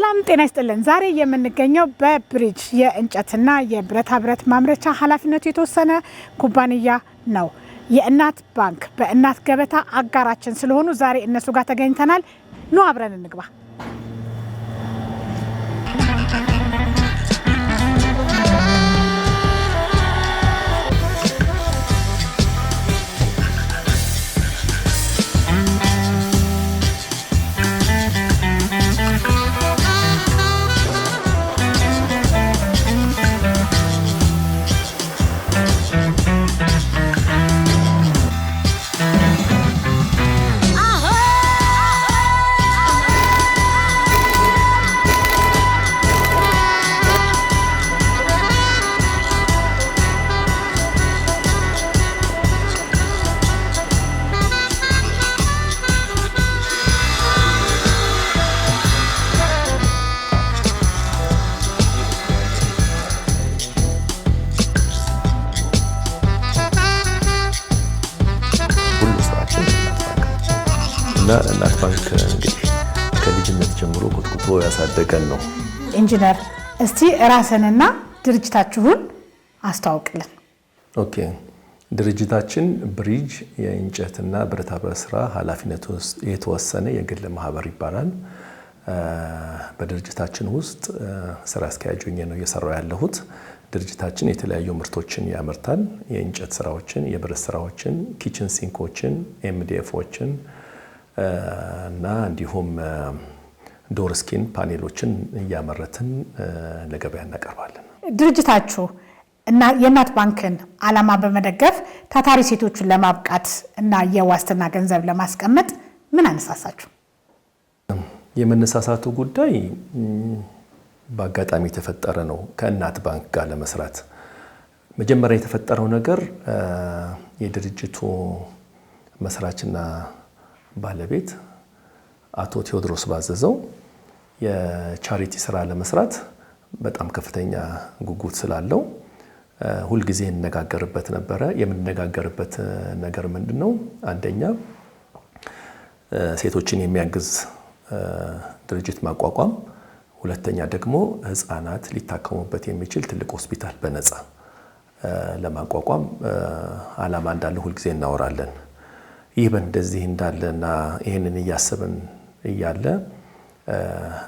ሰላም ጤና ይስጥልን። ዛሬ የምንገኘው በብሪጅ የእንጨትና የብረታ ብረት ማምረቻ ኃላፊነቱ የተወሰነ ኩባንያ ነው። የእናት ባንክ በእናት ገበታ አጋራችን ስለሆኑ ዛሬ እነሱ ጋር ተገኝተናል። ኑ አብረን እንግባ። ያሳደገን ነው። ኢንጂነር እስቲ ራስንና ድርጅታችሁን አስተዋውቅልን። ኦኬ ድርጅታችን ብሪጅ የእንጨትና ብረታብረት ስራ ኃላፊነት የተወሰነ የግል ማህበር ይባላል። በድርጅታችን ውስጥ ስራ አስኪያጅ ሆኜ ነው እየሰራው ያለሁት። ድርጅታችን የተለያዩ ምርቶችን ያመርታል። የእንጨት ስራዎችን፣ የብረት ስራዎችን፣ ኪችን ሲንኮችን፣ ኤምዲኤፎችን እና እንዲሁም ዶር ስኪን ፓኔሎችን እያመረትን ለገበያ እናቀርባለን። ድርጅታችሁ የእናት ባንክን ዓላማ በመደገፍ ታታሪ ሴቶችን ለማብቃት እና የዋስትና ገንዘብ ለማስቀመጥ ምን አነሳሳችሁ? የመነሳሳቱ ጉዳይ በአጋጣሚ የተፈጠረ ነው። ከእናት ባንክ ጋር ለመስራት መጀመሪያ የተፈጠረው ነገር የድርጅቱ መስራችና ባለቤት አቶ ቴዎድሮስ ባዘዘው የቻሪቲ ስራ ለመስራት በጣም ከፍተኛ ጉጉት ስላለው ሁልጊዜ እንነጋገርበት ነበረ። የምንነጋገርበት ነገር ምንድን ነው? አንደኛ ሴቶችን የሚያግዝ ድርጅት ማቋቋም፣ ሁለተኛ ደግሞ ህፃናት ሊታከሙበት የሚችል ትልቅ ሆስፒታል በነፃ ለማቋቋም አላማ እንዳለ ሁልጊዜ እናወራለን። ይህ በእንደዚህ እንዳለና ይህንን እያሰብን እያለ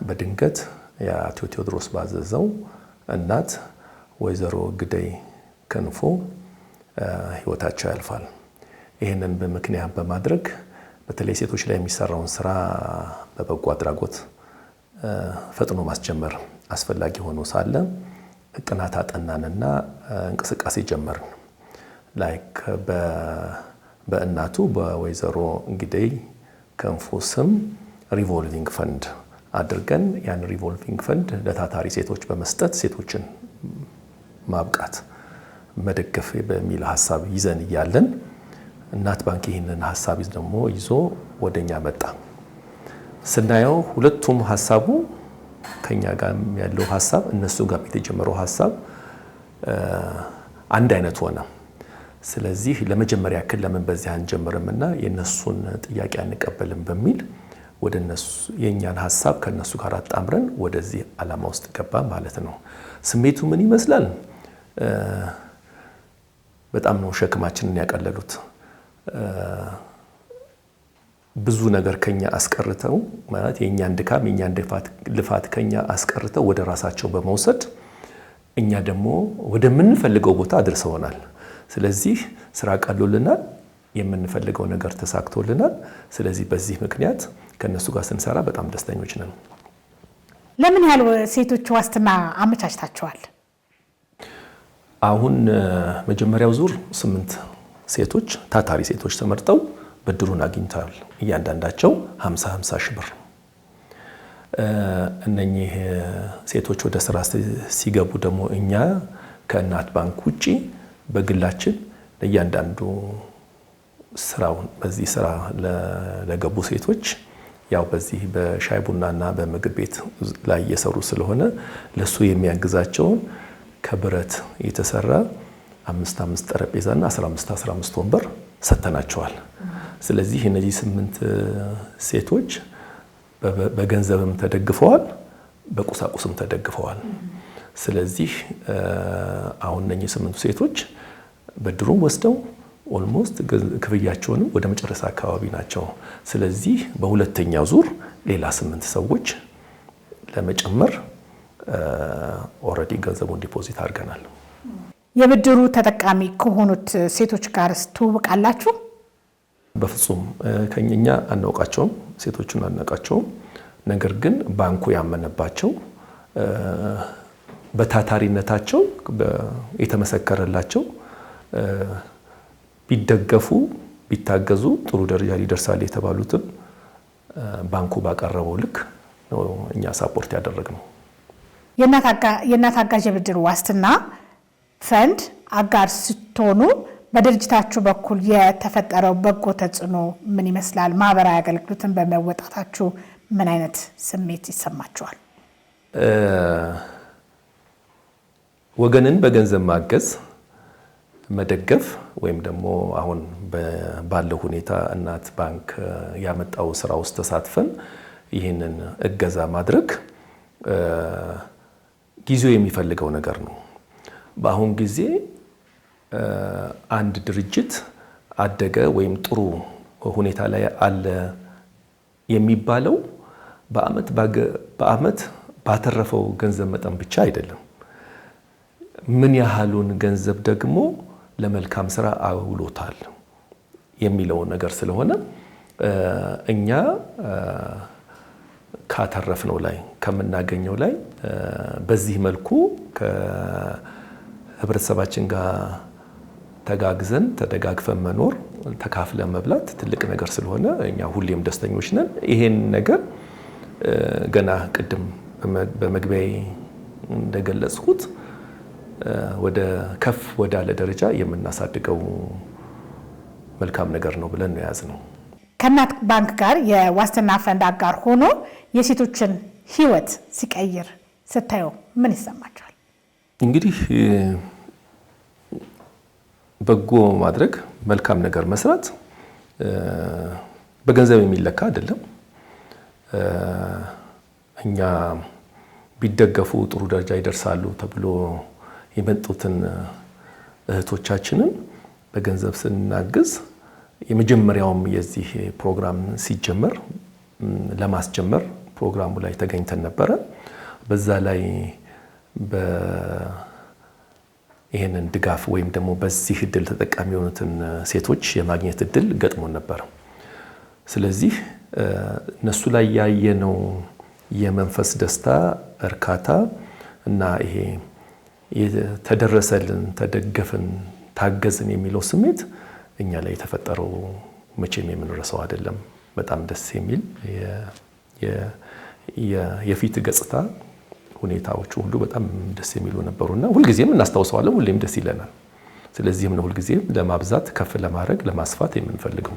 በድንገት የአቶ ቴዎድሮስ ባዘዘው እናት ወይዘሮ ግደይ ክንፎ ህይወታቸው ያልፋል። ይህንን በምክንያት በማድረግ በተለይ ሴቶች ላይ የሚሰራውን ስራ በበጎ አድራጎት ፈጥኖ ማስጀመር አስፈላጊ ሆኖ ሳለ ጥናት አጠናንና እንቅስቃሴ ጀመርን። ላይክ በእናቱ በወይዘሮ ግደይ ክንፎ ስም ሪቮልቪንግ ፈንድ አድርገን ያን ሪቮልቪንግ ፈንድ ለታታሪ ሴቶች በመስጠት ሴቶችን ማብቃት መደገፍ በሚል ሀሳብ ይዘን እያለን እናት ባንክ ይህንን ሀሳብ ደግሞ ይዞ ወደኛ መጣ። ስናየው ሁለቱም ሀሳቡ ከኛ ጋር ያለው ሀሳብ እነሱ ጋር የተጀመረው ሀሳብ አንድ አይነት ሆነ። ስለዚህ ለመጀመሪያ ያክል ለምን በዚህ ና የእነሱን ጥያቄ አንቀበልም በሚል ወደ እነሱ የእኛን ሀሳብ ከእነሱ ጋር አጣምረን ወደዚህ ዓላማ ውስጥ ገባ ማለት ነው። ስሜቱ ምን ይመስላል? በጣም ነው ሸክማችንን ያቀለሉት። ብዙ ነገር ከኛ አስቀርተው ማለት የእኛን ድካም የእኛን ልፋት ከኛ አስቀርተው ወደ ራሳቸው በመውሰድ እኛ ደግሞ ወደምንፈልገው ቦታ አድርሰውናል። ስለዚህ ስራ ቀሎልናል፣ የምንፈልገው ነገር ተሳክቶልናል። ስለዚህ በዚህ ምክንያት ከእነሱ ጋር ስንሰራ በጣም ደስተኞች ነን። ለምን ያህል ሴቶች ዋስትና አመቻችታቸዋል? አሁን መጀመሪያው ዙር ስምንት ሴቶች ታታሪ ሴቶች ተመርጠው ብድሩን አግኝተዋል። እያንዳንዳቸው 50 50 ሺህ ብር። እነኚህ ሴቶች ወደ ስራ ሲገቡ ደግሞ እኛ ከእናት ባንክ ውጪ በግላችን ለእያንዳንዱ ስራውን በዚህ ስራ ለገቡ ሴቶች ያው በዚህ በሻይ ቡናና በምግብ ቤት ላይ እየሰሩ ስለሆነ ለሱ የሚያግዛቸውን ከብረት የተሰራ አምስት አምስት ጠረጴዛና 15 15 ወንበር ሰጥተናቸዋል። ስለዚህ እነዚህ ስምንት ሴቶች በገንዘብም ተደግፈዋል፣ በቁሳቁስም ተደግፈዋል። ስለዚህ አሁን እነኚህ ስምንቱ ሴቶች ብድሩም ወስደው ኦልሞስት ክፍያቸውንም ወደ መጨረስ አካባቢ ናቸው። ስለዚህ በሁለተኛ ዙር ሌላ ስምንት ሰዎች ለመጨመር ኦልሬዲ ገንዘቡን ዲፖዚት አድርገናል። የብድሩ ተጠቃሚ ከሆኑት ሴቶች ጋር ትውውቃላችሁ? በፍጹም ከኛ አናውቃቸውም፣ ሴቶቹን አናውቃቸውም። ነገር ግን ባንኩ ያመነባቸው በታታሪነታቸው የተመሰከረላቸው ቢደገፉ ቢታገዙ ጥሩ ደረጃ ሊደርሳል የተባሉትም ባንኩ ባቀረበው ልክ እኛ ሳፖርት ያደረግ ነው። የእናት አጋዥ የብድር ዋስትና ፈንድ አጋር ስትሆኑ በድርጅታችሁ በኩል የተፈጠረው በጎ ተጽዕኖ ምን ይመስላል? ማህበራዊ አገልግሎትን በመወጣታችሁ ምን አይነት ስሜት ይሰማችኋል? ወገንን በገንዘብ ማገዝ መደገፍ ወይም ደግሞ አሁን ባለው ሁኔታ እናት ባንክ ያመጣው ስራ ውስጥ ተሳትፈን ይህንን እገዛ ማድረግ ጊዜው የሚፈልገው ነገር ነው። በአሁን ጊዜ አንድ ድርጅት አደገ ወይም ጥሩ ሁኔታ ላይ አለ የሚባለው በአመት ባተረፈው ገንዘብ መጠን ብቻ አይደለም። ምን ያህሉን ገንዘብ ደግሞ ለመልካም ስራ አውሎታል የሚለውን ነገር ስለሆነ እኛ ካተረፍነው ላይ ከምናገኘው ላይ በዚህ መልኩ ከህብረተሰባችን ጋር ተጋግዘን ተደጋግፈን መኖር ተካፍለን መብላት ትልቅ ነገር ስለሆነ እኛ ሁሌም ደስተኞች ነን። ይሄን ነገር ገና ቅድም በመግቢያ እንደገለጽኩት ወደ ከፍ ወዳለ ደረጃ የምናሳድገው መልካም ነገር ነው ብለን ነው የያዝነው። ከእናት ባንክ ጋር የዋስትና ፈንድ አጋር ሆኖ የሴቶችን ህይወት ሲቀይር ስታየው ምን ይሰማቸዋል? እንግዲህ በጎ ማድረግ መልካም ነገር መስራት በገንዘብ የሚለካ አይደለም። እኛ ቢደገፉ ጥሩ ደረጃ ይደርሳሉ ተብሎ የመጡትን እህቶቻችንን በገንዘብ ስናግዝ የመጀመሪያውም የዚህ ፕሮግራም ሲጀመር ለማስጀመር ፕሮግራሙ ላይ ተገኝተን ነበረ። በዛ ላይ ይህንን ድጋፍ ወይም ደግሞ በዚህ እድል ተጠቃሚ የሆኑትን ሴቶች የማግኘት እድል ገጥሞን ነበር። ስለዚህ እነሱ ላይ ያየነው የመንፈስ ደስታ፣ እርካታ እና ይሄ ተደረሰልን፣ ተደገፍን፣ ታገዝን የሚለው ስሜት እኛ ላይ የተፈጠረው መቼም የምንረሳው አይደለም። በጣም ደስ የሚል የፊት ገጽታ ሁኔታዎቹ ሁሉ በጣም ደስ የሚሉ ነበሩና ሁልጊዜም እናስታውሰዋለን፣ ሁሌም ደስ ይለናል። ስለዚህም ነው ሁልጊዜም ለማብዛት ከፍ ለማድረግ ለማስፋት የምንፈልገው።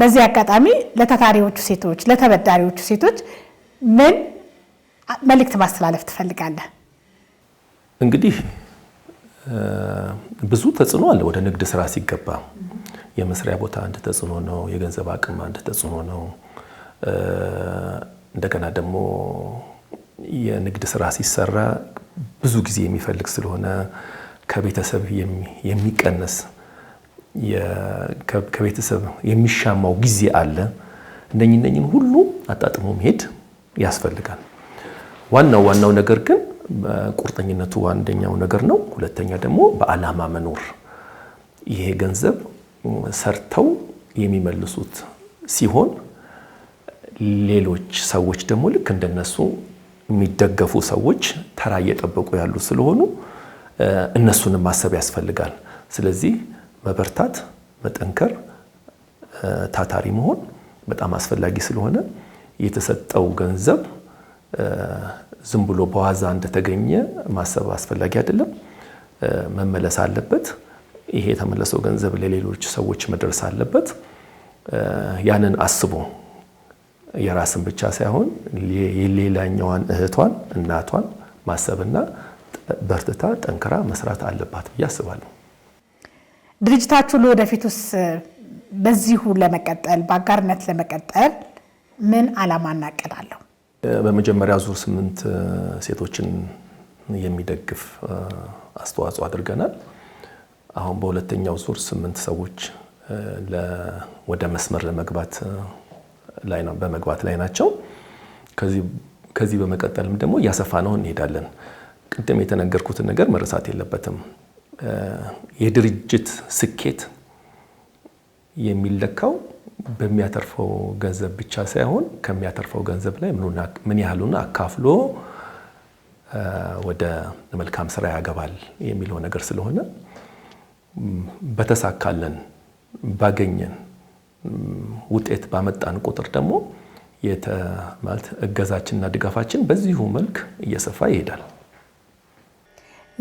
በዚህ አጋጣሚ ለተታሪዎቹ ሴቶች፣ ለተበዳሪዎቹ ሴቶች ምን መልእክት ማስተላለፍ ትፈልጋለህ? እንግዲህ ብዙ ተጽዕኖ አለ። ወደ ንግድ ስራ ሲገባ የመስሪያ ቦታ አንድ ተጽዕኖ ነው። የገንዘብ አቅም አንድ ተጽዕኖ ነው። እንደገና ደግሞ የንግድ ስራ ሲሰራ ብዙ ጊዜ የሚፈልግ ስለሆነ ከቤተሰብ የሚቀነስ ከቤተሰብ የሚሻማው ጊዜ አለ። እነኝ እነኝን ሁሉ አጣጥሞ መሄድ ያስፈልጋል። ዋናው ዋናው ነገር ግን ቁርጠኝነቱ አንደኛው ነገር ነው። ሁለተኛ ደግሞ በዓላማ መኖር። ይሄ ገንዘብ ሰርተው የሚመልሱት ሲሆን ሌሎች ሰዎች ደግሞ ልክ እንደነሱ የሚደገፉ ሰዎች ተራ እየጠበቁ ያሉ ስለሆኑ እነሱንም ማሰብ ያስፈልጋል። ስለዚህ መበርታት፣ መጠንከር፣ ታታሪ መሆን በጣም አስፈላጊ ስለሆነ የተሰጠው ገንዘብ ዝም ብሎ በዋዛ እንደተገኘ ማሰብ አስፈላጊ አይደለም። መመለስ አለበት። ይሄ የተመለሰው ገንዘብ ለሌሎች ሰዎች መድረስ አለበት። ያንን አስቦ የራስን ብቻ ሳይሆን የሌላኛዋን እህቷን፣ እናቷን ማሰብና በርትታ ጠንክራ መስራት አለባት ብዬ አስባለሁ። ድርጅታችሁ ለወደፊቱስ በዚሁ ለመቀጠል በአጋርነት ለመቀጠል ምን ዓላማ እናቀዳለሁ? በመጀመሪያ ዙር ስምንት ሴቶችን የሚደግፍ አስተዋጽኦ አድርገናል። አሁን በሁለተኛው ዙር ስምንት ሰዎች ወደ መስመር ለመግባት ላይ ነው በመግባት ላይ ናቸው። ከዚህ በመቀጠልም ደግሞ እያሰፋ ነው እንሄዳለን። ቅድም የተነገርኩትን ነገር መረሳት የለበትም። የድርጅት ስኬት የሚለካው በሚያተርፈው ገንዘብ ብቻ ሳይሆን ከሚያተርፈው ገንዘብ ላይ ምን ያህሉን አካፍሎ ወደ መልካም ስራ ያገባል የሚለው ነገር ስለሆነ በተሳካለን ባገኘን ውጤት ባመጣን ቁጥር ደግሞ ማለት እገዛችንና ድጋፋችን በዚሁ መልክ እየሰፋ ይሄዳል።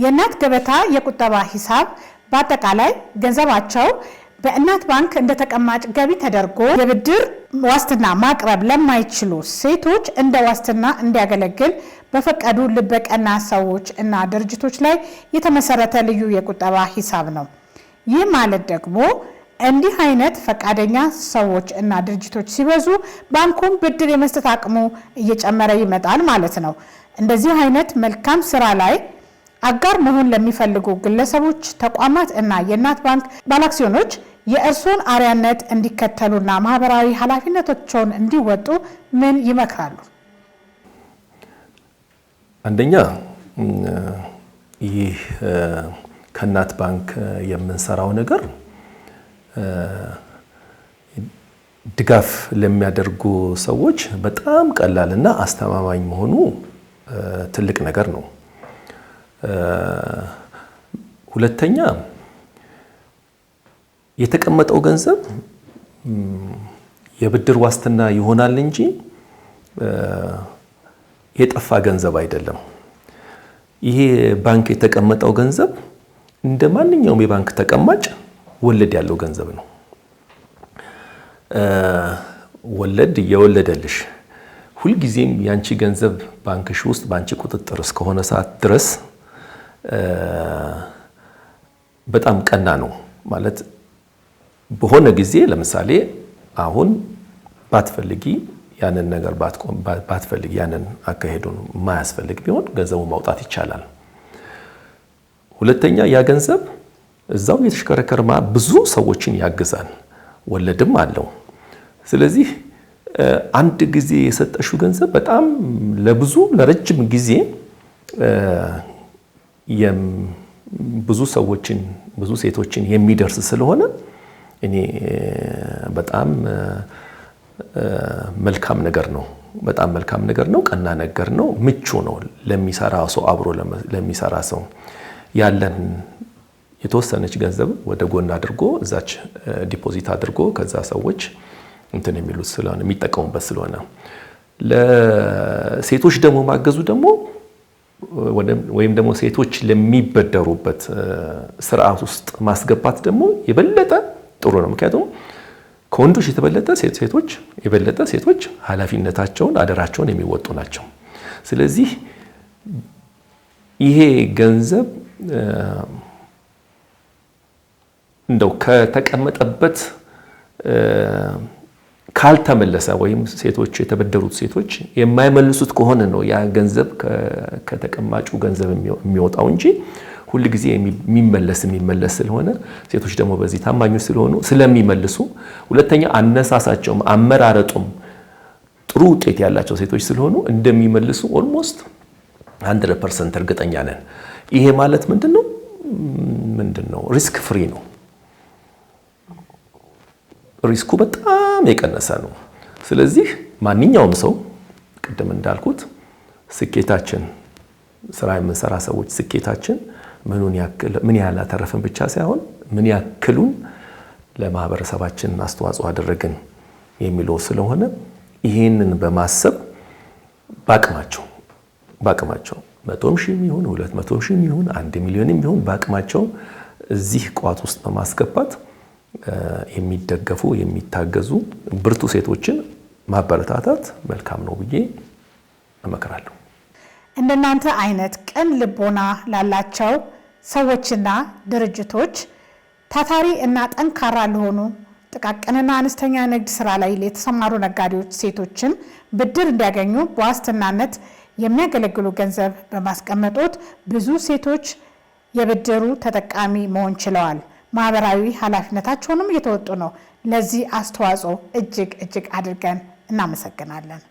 የእናት ገበታ የቁጠባ ሂሳብ በአጠቃላይ ገንዘባቸው በእናት ባንክ እንደ ተቀማጭ ገቢ ተደርጎ የብድር ዋስትና ማቅረብ ለማይችሉ ሴቶች እንደ ዋስትና እንዲያገለግል በፈቀዱ ልበቀና ሰዎች እና ድርጅቶች ላይ የተመሰረተ ልዩ የቁጠባ ሂሳብ ነው። ይህ ማለት ደግሞ እንዲህ አይነት ፈቃደኛ ሰዎች እና ድርጅቶች ሲበዙ ባንኩም ብድር የመስጠት አቅሙ እየጨመረ ይመጣል ማለት ነው። እንደዚህ አይነት መልካም ስራ ላይ አጋር መሆን ለሚፈልጉ ግለሰቦች፣ ተቋማት እና የእናት ባንክ ባለአክሲዮኖች የእርሱን አርያነት እንዲከተሉና ማህበራዊ ኃላፊነቶቻቸውን እንዲወጡ ምን ይመክራሉ? አንደኛ ይህ ከእናት ባንክ የምንሰራው ነገር ድጋፍ ለሚያደርጉ ሰዎች በጣም ቀላልና አስተማማኝ መሆኑ ትልቅ ነገር ነው። ሁለተኛ የተቀመጠው ገንዘብ የብድር ዋስትና ይሆናል እንጂ የጠፋ ገንዘብ አይደለም። ይሄ ባንክ የተቀመጠው ገንዘብ እንደ ማንኛውም የባንክ ተቀማጭ ወለድ ያለው ገንዘብ ነው። ወለድ እየወለደልሽ ሁልጊዜም ያንቺ ገንዘብ ባንክሽ ውስጥ በአንቺ ቁጥጥር እስከሆነ ሰዓት ድረስ በጣም ቀና ነው ማለት በሆነ ጊዜ ለምሳሌ አሁን ባትፈልጊ ያንን ነገር ባትፈልጊ ያንን አካሄዱን የማያስፈልግ ቢሆን ገንዘቡ ማውጣት ይቻላል። ሁለተኛ ያ ገንዘብ እዛው የተሽከረከርማ ብዙ ሰዎችን ያግዛል፣ ወለድም አለው። ስለዚህ አንድ ጊዜ የሰጠሽው ገንዘብ በጣም ለብዙ ለረጅም ጊዜ ብዙ ሰዎችን ብዙ ሴቶችን የሚደርስ ስለሆነ እኔ በጣም መልካም ነገር ነው። በጣም መልካም ነገር ነው። ቀና ነገር ነው። ምቹ ነው ለሚሰራ ሰው፣ አብሮ ለሚሰራ ሰው ያለን የተወሰነች ገንዘብ ወደ ጎን አድርጎ እዛች ዲፖዚት አድርጎ ከዛ ሰዎች እንትን የሚሉት ስለሆነ የሚጠቀሙበት ስለሆነ ለሴቶች ደግሞ ማገዙ ደግሞ ወይም ደግሞ ሴቶች ለሚበደሩበት ስርዓት ውስጥ ማስገባት ደግሞ የበለጠ ጥሩ ነው። ምክንያቱም ከወንዶች የተበለጠ ሴቶች የበለጠ ሴቶች ኃላፊነታቸውን አደራቸውን የሚወጡ ናቸው። ስለዚህ ይሄ ገንዘብ እንደው ከተቀመጠበት ካልተመለሰ ወይም ሴቶች የተበደሩት ሴቶች የማይመልሱት ከሆነ ነው ያ ገንዘብ ከተቀማጩ ገንዘብ የሚወጣው እንጂ ሁል ጊዜ የሚመለስ የሚመለስ ስለሆነ ሴቶች ደግሞ በዚህ ታማኞች ስለሆኑ ስለሚመልሱ፣ ሁለተኛ አነሳሳቸውም አመራረጡም ጥሩ ውጤት ያላቸው ሴቶች ስለሆኑ እንደሚመልሱ ኦልሞስት 100 ፐርሰንት እርግጠኛ ነን። ይሄ ማለት ምንድን ነው? ምንድን ነው? ሪስክ ፍሪ ነው። ሪስኩ በጣም የቀነሰ ነው። ስለዚህ ማንኛውም ሰው ቅድም እንዳልኩት ስኬታችን ስራ የምንሰራ ሰዎች ስኬታችን ምን ያህል አተረፍን ብቻ ሳይሆን ምን ያክሉን ለማህበረሰባችን አስተዋጽኦ አደረግን የሚለው ስለሆነ ይህንን በማሰብ በአቅማቸው በአቅማቸው መቶም ሺህም ይሁን ሁለት መቶ ሺህም ይሁን አንድ ሚሊዮንም ይሁን በአቅማቸው እዚህ ቋት ውስጥ በማስገባት የሚደገፉ የሚታገዙ ብርቱ ሴቶችን ማበረታታት መልካም ነው ብዬ እመክራለሁ። እንደናንተ አይነት ቅን ልቦና ላላቸው ሰዎችና ድርጅቶች ታታሪ እና ጠንካራ ለሆኑ ጥቃቅንና አነስተኛ ንግድ ስራ ላይ የተሰማሩ ነጋዴዎች ሴቶችን ብድር እንዲያገኙ በዋስትናነት የሚያገለግሉ ገንዘብ በማስቀመጦት ብዙ ሴቶች የብድሩ ተጠቃሚ መሆን ችለዋል። ማህበራዊ ኃላፊነታቸውንም እየተወጡ ነው። ለዚህ አስተዋጽኦ እጅግ እጅግ አድርገን እናመሰግናለን።